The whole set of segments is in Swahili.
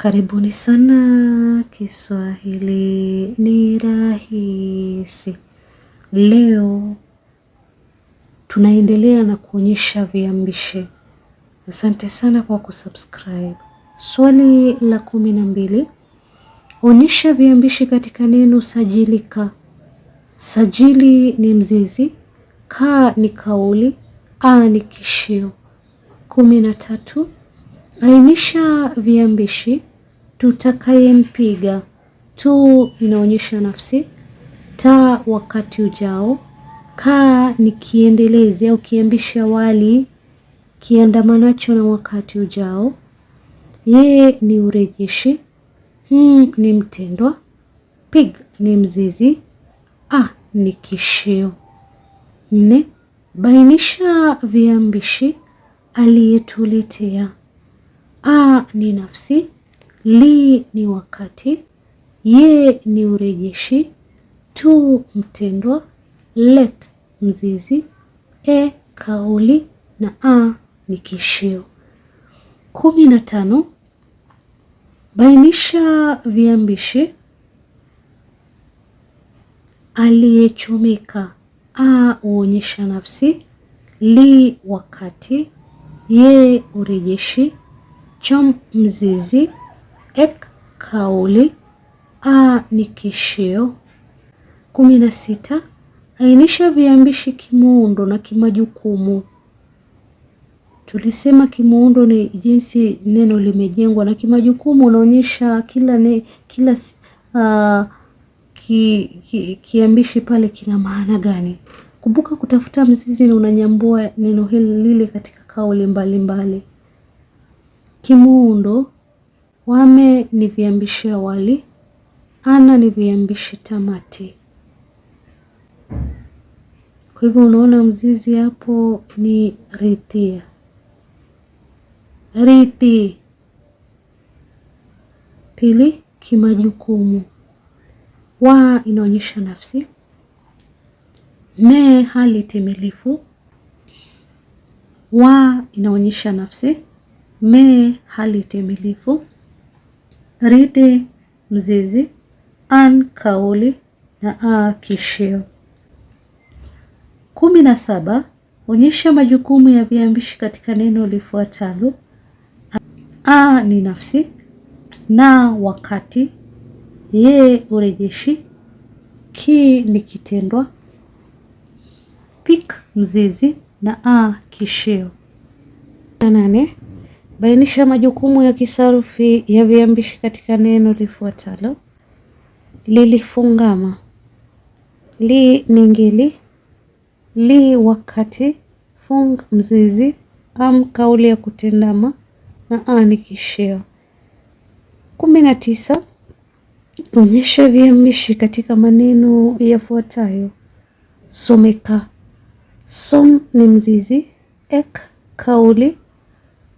Karibuni sana Kiswahili ni rahisi. Leo tunaendelea na kuonyesha viambishi. Asante sana kwa kusubscribe. Swali la kumi na mbili, onyesha viambishi katika neno sajilika. Sajili ni mzizi, kaa ni kauli, a ni kishio. kumi na tatu, ainisha viambishi tutakayempiga tu inaonyesha nafsi ta wakati ujao kaa ni kiendelezi au kiambisha wali kiandamanacho na wakati ujao. Yeye ni urejeshi. hmm, ni mtendwa. Pig ni mzizi. Ah, ni kishio. Nne, bainisha viambishi aliyetuletea. A ni nafsi. Li ni wakati, ye ni urejeshi, tu mtendwa, let mzizi, e kauli na a ni kishio. kumi na tano. Bainisha viambishi aliyechomeka. A huonyesha nafsi, li wakati, ye urejeshi, chom mzizi ek kauli, a ni kishio. kumi na sita. Ainisha viambishi kimuundo na kimajukumu. Tulisema kimuundo ni jinsi neno limejengwa na kimajukumu unaonyesha kila, ne, kila uh, ki, ki, kiambishi pale kina maana gani. Kumbuka kutafuta mzizi na unanyambua neno hili lile katika kauli mbalimbali mbali. Kimuundo Wame ni viambishi awali wali, ana ni viambishi tamati. Kwa hivyo unaona mzizi hapo ni rithia rithi. Pili, kimajukumu. Wa inaonyesha nafsi, me hali timilifu. Wa inaonyesha nafsi, me hali timilifu ridi mzizi, an kauli na a kishio. kumi na saba. Onyesha majukumu ya viambishi katika neno lifuatalo: a ni nafsi, na wakati, ye urejeshi, ki ni kitendwa, pik mzizi na a kishio. nane. Bainisha majukumu ya kisarufi ya viambishi katika neno lifuatalo: lilifungama, li ni ngili, li wakati, fung mzizi, am kauli ya kutendama na a ni kisheo. kumi na tisa. Onyesha viambishi katika maneno yafuatayo: someka. Som ni mzizi, ek kauli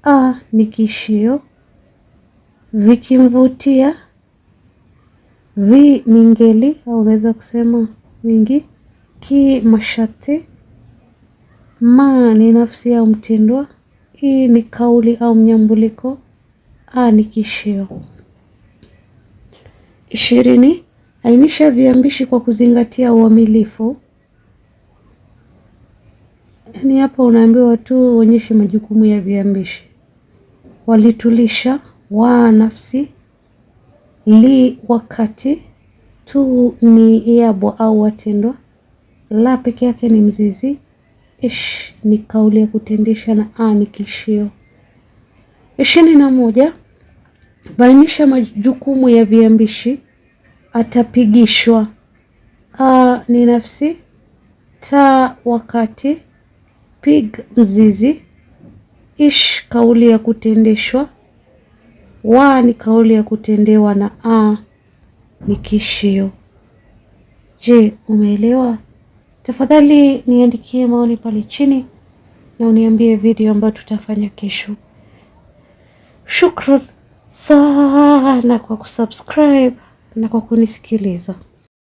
a kishio vikimvutia v ni ngeli au unaweza kusema wingi. Ki masharti, ma ni nafsi au mtendwa, i ni kauli au mnyambuliko, a ni kishio. Ishirini. Ainisha viambishi kwa kuzingatia uamilifu. Yaani hapa unaambiwa tu uonyeshe majukumu ya viambishi walitulisha wa nafsi li wakati tu ni yabo au watendwa. La peke yake ni mzizi. Ish ni kauli ya kutendesha na a ni kishio. Ishirini na moja. Bainisha majukumu ya viambishi. Atapigishwa. A ni nafsi, ta wakati, pig mzizi, Ish kauli ya kutendeshwa, wa ni kauli ya kutendewa na a ni kishio. Je, umeelewa? Tafadhali niandikie maoni pale chini na uniambie video ambayo tutafanya kesho. Shukran sana kwa kusubscribe na kwa kunisikiliza.